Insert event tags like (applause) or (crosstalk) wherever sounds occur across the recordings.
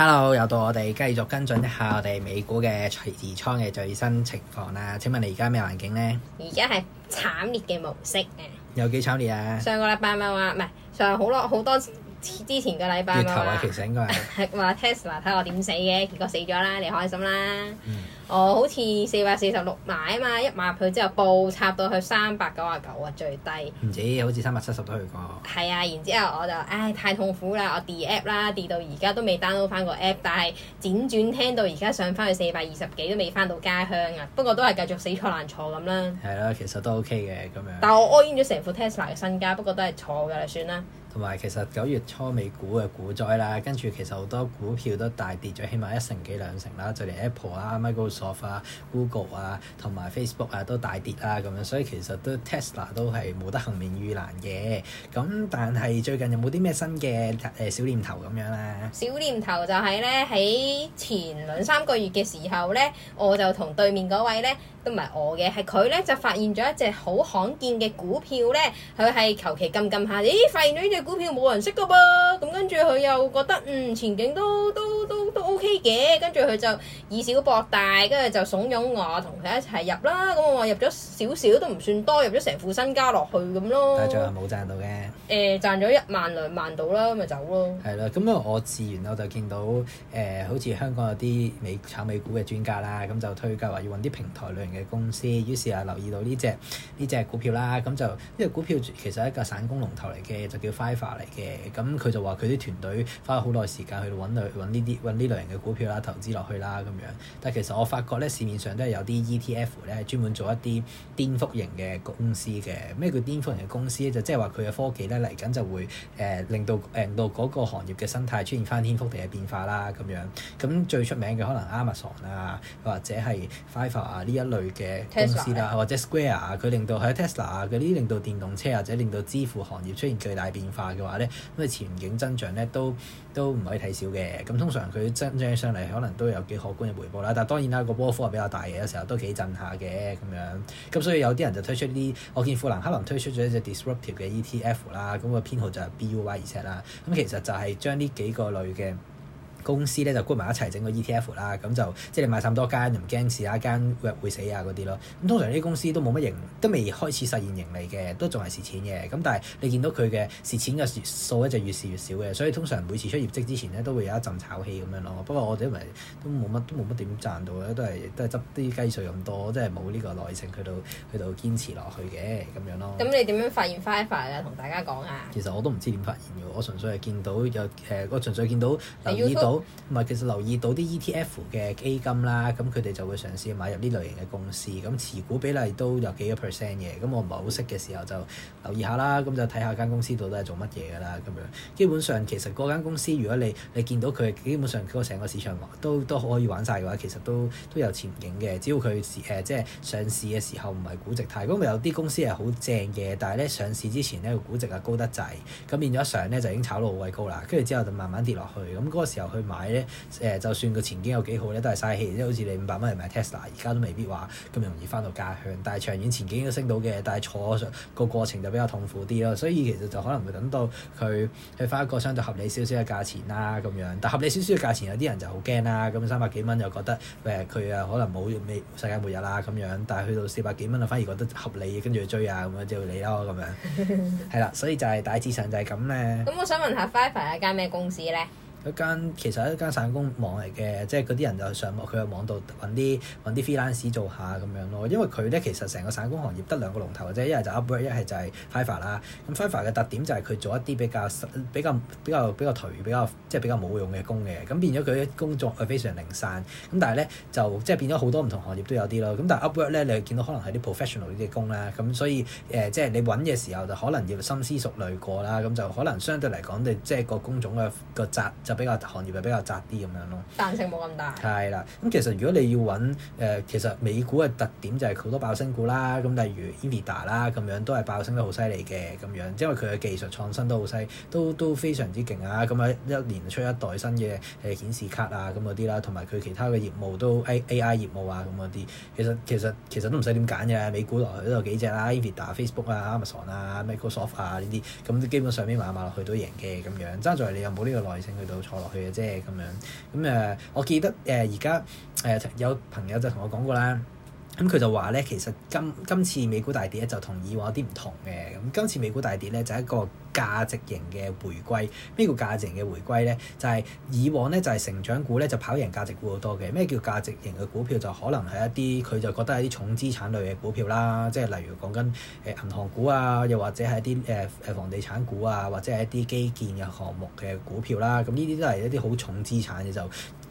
Hello，又到我哋繼續跟進一下我哋美股嘅持倉嘅最新情況啦。請問你而家咩環境咧？而家係慘烈嘅模式誒、啊。有幾慘烈啊？上個禮拜咪話，唔係上好多好多之前個禮拜月頭啊，其實應該係話 (laughs) Tesla 睇我點死嘅，結果死咗啦，你開心啦。嗯我、哦、好似四百四十六買啊嘛，一買佢之後，暴插到去三百九啊九啊最低。唔知，好似三百七十都去過。係啊，然之後我就唉、哎、太痛苦啦，我 delete app 啦 delete 到而家都未 download 翻個 app，但係輾轉聽到而家上翻去四百二十幾都未翻到家鄉啊！不過都係繼續死坐爛坐咁啦。係啦、啊，其實都 OK 嘅咁樣。但我虧完咗成副 Tesla 嘅身家，不過都係坐㗎，算啦。同埋其實九月初美股嘅股災啦，跟住其實好多股票都大跌咗，起碼一成幾兩成啦。就連 Apple 啊、Microsoft 啊、Google 啊、同埋 Facebook 啊都大跌啦，咁樣所以其實都 Tesla 都係冇得幸免於難嘅。咁但係最近有冇啲咩新嘅誒小念頭咁樣咧？小念頭就係咧喺前兩三個月嘅時候咧，我就同對面嗰位咧，都唔係我嘅，係佢咧就發現咗一隻好罕見嘅股票咧，佢係求其撳撳下，咦發現呢股票冇人識噶噃，咁跟住佢又覺得嗯，前景都都都都。都都 O K 嘅，跟住佢就以小博大，跟住就慫恿我同佢一齊入啦。咁我話入咗少少都唔算多，入咗成副身家落去咁咯。但係最後冇賺到嘅。誒、欸，賺咗一萬兩萬到啦，咁咪走咯。係咯，咁啊，我自然我就見到誒、呃，好似香港有啲美炒美股嘅專家啦，咁就推介話要搵啲平台類型嘅公司，於是又留意到呢隻呢隻股票啦。咁就呢隻股票其實係一個散工龍頭嚟嘅，就叫 Fiverr 嚟嘅。咁佢就話佢啲團隊花咗好耐時間去搵呢啲呢類型嘅股票啦，投資落去啦咁樣，但係其實我發覺咧，市面上都係有啲 ETF 咧，專門做一啲顛覆型嘅公司嘅。咩叫顛覆型嘅公司咧？就即係話佢嘅科技咧嚟緊就會誒、欸、令到誒、欸、到嗰個行業嘅生態出現翻天覆地嘅變化啦咁樣。咁最出名嘅可能 Amazon 啊，或者係 f i f a 啊呢一類嘅公司啦，Tesla. 或者 Square 啊，佢令到喺 Tesla 啊嗰啲令到電動車、啊、或者令到支付行業出現巨大變化嘅話咧，咁啊前景增長咧都都唔可以睇少嘅。咁通常佢增上嚟可能都有幾可觀嘅回報啦，但係當然啦，個波幅係比較大嘅，有時候都幾震下嘅咁樣，咁所以有啲人就推出啲，我見富蘭克林推出咗一隻 disruptive 嘅 ETF 啦，咁個編號就係 BUYZ 啦，咁其實就係將呢幾個類嘅。公司咧就 group 埋一齊整個 ETF 啦，咁、嗯、就即係你買咁多間，就唔驚試下、啊、間會會死啊嗰啲咯。咁通常呢啲公司都冇乜盈，都未開始實現盈利嘅，都仲係蝕錢嘅。咁但係你見到佢嘅蝕錢嘅數咧就越蝕越少嘅，所以通常每次出業績之前咧都會有一陣炒氣咁樣咯。不過我哋都冇乜都冇乜點賺到，都係都係執啲雞碎咁多，即係冇呢個耐性去到去到堅持落去嘅咁樣咯。咁你點樣發現 Five Five 啊？同大家講啊？其實我都唔知點發現㗎，我純粹係見到有誒、呃，我純粹見到。好，同埋其實留意到啲 ETF 嘅基金啦，咁佢哋就會嘗試買入呢類型嘅公司，咁持股比例都有幾個 percent 嘅，咁我唔係好識嘅時候就留意下啦，咁就睇下間公司到底係做乜嘢噶啦，咁樣基本上其實嗰間公司如果你你見到佢，基本上嗰成個市場都都可以玩晒嘅話，其實都都有前景嘅，只要佢誒、呃、即係上市嘅時候唔係估值太高，咪有啲公司係好正嘅，但係咧上市之前咧個估值啊高得滯，咁變咗上咧就已經炒到好鬼高啦，跟住之後就慢慢跌落去，咁嗰個時候。去買咧，誒、呃，就算個前景有幾好咧，都係嘥氣。即係好似你五百蚊嚟買 Tesla，而家都未必話咁容易翻到家鄉。但係長遠前景都升到嘅，但係坐個過程就比較痛苦啲咯。所以其實就可能會等到佢去翻一個相對合理少少嘅價錢啦，咁樣。但合理少少嘅價錢，有啲人就好驚啦。咁三百幾蚊就覺得誒，佢、呃、啊可能冇咩世界末日啦咁樣。但係去到四百幾蚊啊，反而覺得合理，跟住追啊咁樣就你咯咁樣。係啦， (laughs) 所以就係大致上就係咁咧。咁 (laughs) 我想問下 Five 係一間咩公司咧？一間其實一間散工網嚟嘅，即係嗰啲人就上佢個網度揾啲揾啲 filler 屎做下咁樣咯。因為佢咧其實成個散工行業得兩個龍頭啫，一係就 u p g r a d e 一係就係 f i v a r r 啦。咁 f i v a r r 嘅特點就係佢做一啲比較比較比較比較頹比較即係比較冇用嘅工嘅，咁變咗佢工作，係非常零散。咁但係咧就即係變咗好多唔同行業都有啲咯。咁但係 u p g r a d e 咧，你見到可能係啲 professional 啲嘅工啦。咁所以誒，即係你揾嘅時候就可能要深思熟慮過啦。咁就可能相對嚟講，你即係個工種嘅個集。就比較行業係比較窄啲咁樣咯，彈性冇咁大。係啦，咁其實如果你要揾、呃、其實美股嘅特點就係好多爆升股啦。咁例如 Nvidia 啦，咁樣都係爆升得好犀利嘅咁樣，因為佢嘅技術創新都好犀，都都非常之勁啊。咁一一年出一代新嘅、呃、顯示卡啊，咁嗰啲啦，同埋佢其他嘅業務都 A I 業務啊，咁嗰啲，其實其實其實都唔使點揀嘅。美股落去都有幾隻啦 Nvidia Facebook Amazon, Amazon, 啊、Amazon 啊、Microsoft 啊呢啲，咁基本上邊買買落去都贏嘅咁樣。爭在你有冇呢個耐性去到。坐落去嘅啫，咁樣咁誒，嗯呃，我記得誒而家誒有朋友就同我講過啦。咁佢就話咧，其實今今次美股大跌咧，就同以往有啲唔同嘅。咁今次美股大跌咧，就係一個價值型嘅回歸。咩叫價值型嘅回歸咧？就係以往咧就係成長股咧就跑贏價值股好多嘅。咩叫價值型嘅股票？就可能係一啲佢就覺得係啲重資產類嘅股票啦。即係例如講緊誒銀行股啊，又或者係一啲誒誒房地產股啊，或者係一啲基建嘅項目嘅股票啦。咁呢啲都係一啲好重資產嘅就。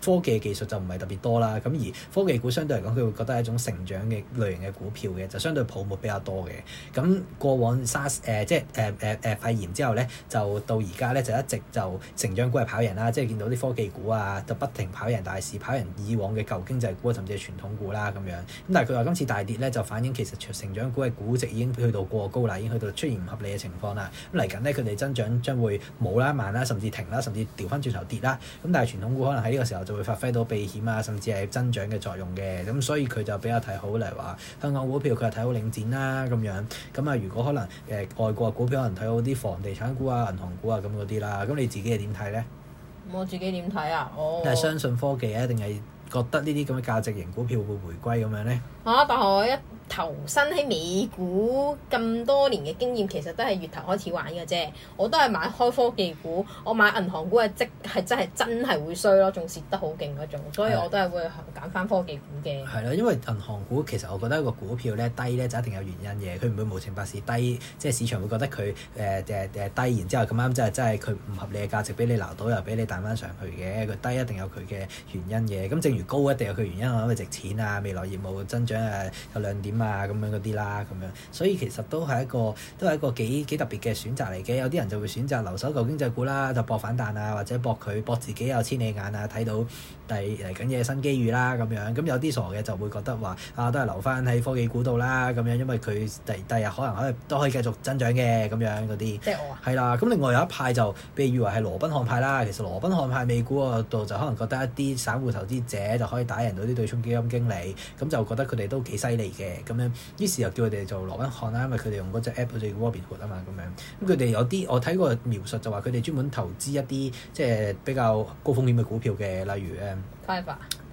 科技嘅技術就唔係特別多啦，咁而科技股相對嚟講，佢會覺得係一種成長嘅類型嘅股票嘅，就相對泡沫比較多嘅。咁過往沙士、呃、即係誒誒誒肺炎之後咧，就到而家咧就一直就成長股係跑贏啦，即係見到啲科技股啊就不停跑贏大市，係係跑贏以往嘅舊經濟股甚至係傳統股啦、啊、咁樣。咁但係佢話今次大跌咧，就反映其實成長股嘅估值已經去到過高啦，已經去到出現唔合理嘅情況啦。咁嚟緊呢，佢哋增長將會冇啦、慢啦，甚至停啦，甚至調返轉頭跌啦。咁但係傳統股可能喺呢個時候。就會發揮到避險啊，甚至係增長嘅作用嘅，咁所以佢就比較睇好，例如話香港股票佢係睇好領展啦咁樣，咁啊如果可能誒、呃、外國股票可能睇好啲房地產股啊、銀行股啊咁嗰啲啦，咁你自己係點睇呢？我自己點睇啊？哦，係相信科技啊，定係覺得呢啲咁嘅價值型股票會回歸咁樣呢？嚇！但我一投身喺美股咁多年嘅經驗，其實都係月頭開始玩嘅啫。我都係買開科技股，我買銀行股係即係真係真係會衰咯，仲蝕得好勁嗰種。所以我都係會揀翻科技股嘅。係咯，因為銀行股其實我覺得個股票咧低咧就一定有原因嘅，佢唔會無情白事低，即係市場會覺得佢誒誒誒低，然之後咁啱、即係、真係真係佢唔合理嘅價值俾你留到又俾你彈翻上去嘅。佢低一定有佢嘅原因嘅。咁正如高一定有佢原因，我諗係值錢啊，未來業務增長。誒、啊、有亮點啊咁樣嗰啲啦，咁樣，所以其實都係一個都係一個幾幾特別嘅選擇嚟嘅。有啲人就會選擇留守舊經濟股啦，就搏反彈啊，或者搏佢搏自己有千里眼啊，睇到第嚟緊嘅新機遇啦，咁樣。咁有啲傻嘅就會覺得話啊，都係留翻喺科技股度啦，咁樣，因為佢第第日可能可以都可以繼續增長嘅，咁樣嗰啲。即係我、啊。係啦，咁另外有一派就被譽為係羅賓漢派啦。其實羅賓漢派美股度就可能覺得一啲散戶投資者就可以打贏到啲對沖基金經理，咁就覺得佢哋。都幾犀利嘅咁樣。於是又叫佢哋就羅賓漢啦，因為佢哋用嗰隻 app 就叫 Robinhood 啊嘛，咁樣，咁佢哋有啲我睇過描述就話佢哋專門投資一啲即係比較高風險嘅股票嘅，例如咧。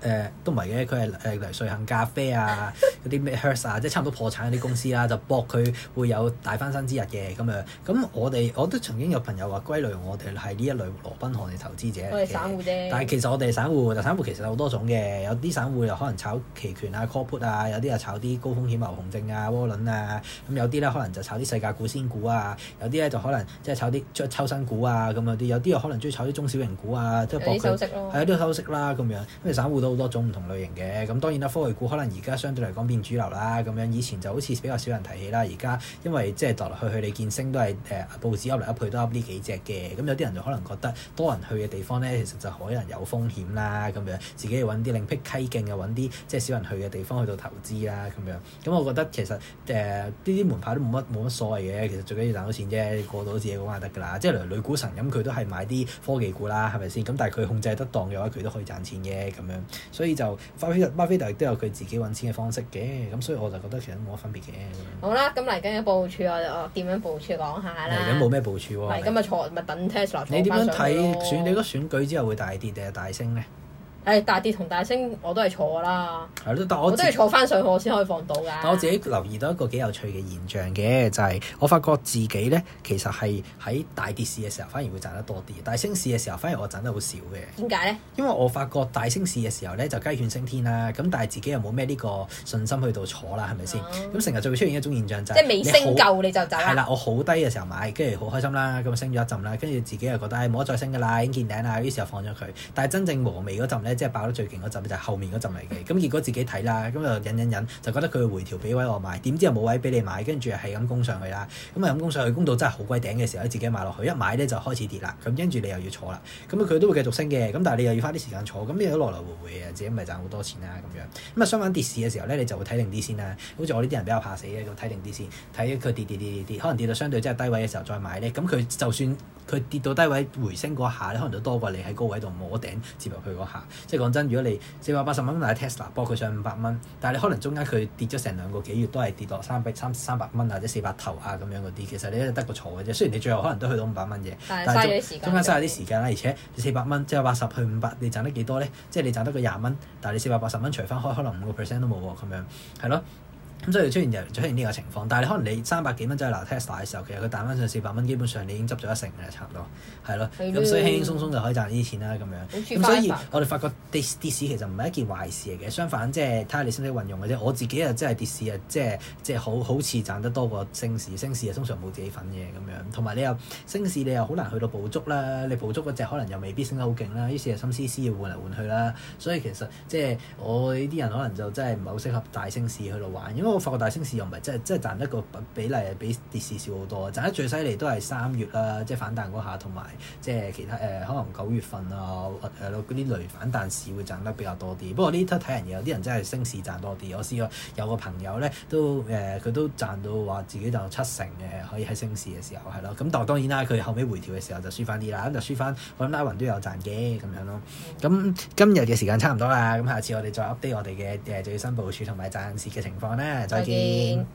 誒都唔係嘅，佢係誒雷瑞幸咖啡啊，嗰啲咩 Hertz 啊，即係差唔多破產嗰啲公司啦，啊，就搏佢會有大翻身之日嘅咁樣。咁我哋我都曾經有朋友話歸類我哋係呢一類羅賓漢嘅投資者。我係散戶啫。但係其實我哋散戶，但散戶其實有好多種嘅，有啲散戶又可能炒期權啊、call put 啊，有啲又炒啲高風險牛熊證啊、窩輪啊。咁、嗯、有啲咧可能就炒啲世界股先股啊，有啲咧就可能即係炒啲抽新股啊咁有啲，有啲又可能中意炒啲中小型股啊，即係搏佢係啊啲收息啦咁、 (laughs) 哎、樣。咁啊，散戶都～好多種唔同類型嘅，咁當然啦。科技股可能而家相對嚟講變主流啦，咁樣以前就好似比較少人提起啦。而家因為即係落去去，去你見升都係誒、呃、報紙噏嚟噏去都噏呢幾隻嘅。咁有啲人就可能覺得多人去嘅地方咧，其實就可能有風險啦。咁樣自己要揾啲另闢蹊徑嘅，揾啲即係少人去嘅地方去到投資啦。咁樣咁樣，我覺得其實誒呢啲門派都冇乜冇乜所謂嘅。其實最緊要賺到錢啫，過到自己嘅話得㗎啦。即係例如女股神咁，佢都係買啲科技股啦，係咪先？咁但係佢控制得當嘅話，佢都可以賺錢嘅咁樣。所以就巴菲特，巴菲特亦都有佢自己揾錢嘅方式嘅，咁所以我就覺得其實冇乜分別嘅。好啦，咁嚟緊嘅部署，我我點樣部署？講下啦。嚟緊冇咩部署喎。嚟緊咪坐咪們等 Tesla 上翻上咯。你點樣睇選？你嗰選舉之後會大跌定係大升咧？誒、哎、大跌同大升我都係坐啦，係咯，但我真係坐翻上去我先可以放到㗎。但我自己留意到一個幾有趣嘅現象嘅，就係、是、我發覺自己咧其實係喺大跌市嘅時候反而會賺得多啲，大升市嘅時候反而我賺得好少嘅。點解咧？因為我發覺大升市嘅時候咧就雞犬升天啦，咁但係自己又冇咩呢個信心去到坐啦，係咪先？咁成日就會出現一種現象就係、是、即係未升夠你就走啊。係啦，我好低嘅時候買，跟住好開心啦，咁升咗一陣啦，跟住自己又覺得誒冇得再升㗎啦，已經見頂啦，於是時候放咗佢。但係真正和味嗰陣咧。即係爆得最勁嗰陣，就係後面嗰陣嚟嘅。咁結果自己睇啦，咁就忍忍忍，就覺得佢會回調，俾位我買。點知又冇位俾你買，跟住係咁攻上去啦。咁啊，咁攻上去，攻到真係好鬼頂嘅時候咧，自己買落去，一買咧就開始跌啦。咁跟住你又要坐啦。咁佢都會繼續升嘅。咁但係你又要花啲時間坐。咁你都來來回回啊，自己咪賺好多錢啦咁樣。咁啊，相反跌市嘅時候咧，你就會睇定啲先啦。好似我呢啲人比較怕死嘅，我睇定啲先，睇佢跌跌跌跌跌，可能跌到相對真係低位嘅時候再買咧。咁佢就算佢跌到低位回升嗰下可能就多過你喺高位度摸頂接落去嗰即係講真，如果你四百八十蚊買 Tesla，博佢上五百蚊，但係你可能中間佢跌咗成兩個幾月，都係跌落三百三三百蚊或者四百頭啊咁樣嗰啲，其實你都得個嘈嘅啫。雖然你最後可能都去到五百蚊嘅，但係中間嘥下啲時間啦、啊。而且你四百蚊即係八十去五百，你賺得幾多咧？即係你賺得個廿蚊，但係你四百八十蚊除返開，可能五個 percent 都冇喎、哦。咁樣係咯。咁、嗯、所以出現出現呢個情況，但係可能你三百幾蚊就去拿 Tesla 嘅時候，其實佢彈翻上四百蚊，基本上你已經執咗一成嘅，差唔多，係咯。咁、嗯嗯、所以輕輕鬆鬆鬆就可以賺呢啲錢啦，咁樣。咁所以我哋發覺跌跌地市其實唔係一件壞事嚟嘅，相反即係睇下你識唔識運用嘅啫。我自己又真係跌市啊、就是，即係即係好好似賺得多過升市，升市啊通常冇自己份嘅咁樣。同埋你又升市你又好難去到捕捉啦，你捕捉嗰隻可能又未必升得好勁啦，於是心思思要換嚟換去啦。所以其實即係我呢啲人可能就真係唔係好適合大升市去度玩，因為因為我發覺大升市又唔係即係即係賺得個比例比跌市少好多，賺得最犀利都係三月啦，即係反彈嗰下，同埋即係其他誒、呃、可能九月份啊係咯嗰啲類反彈市會賺得比較多啲。不過呢都睇人有啲人真係升市賺多啲。我試過有個朋友咧都誒佢、呃、都賺到話自己就七成嘅可以喺升市嘅時候係咯。咁但係當然啦，佢後尾回調嘅時候就輸翻啲啦，咁就輸翻。我諗拉雲都有賺嘅咁樣咯。咁今日嘅時間差唔多啦，咁下次我哋再 update 我哋嘅誒最新部署同埋暫時嘅情況咧。再見。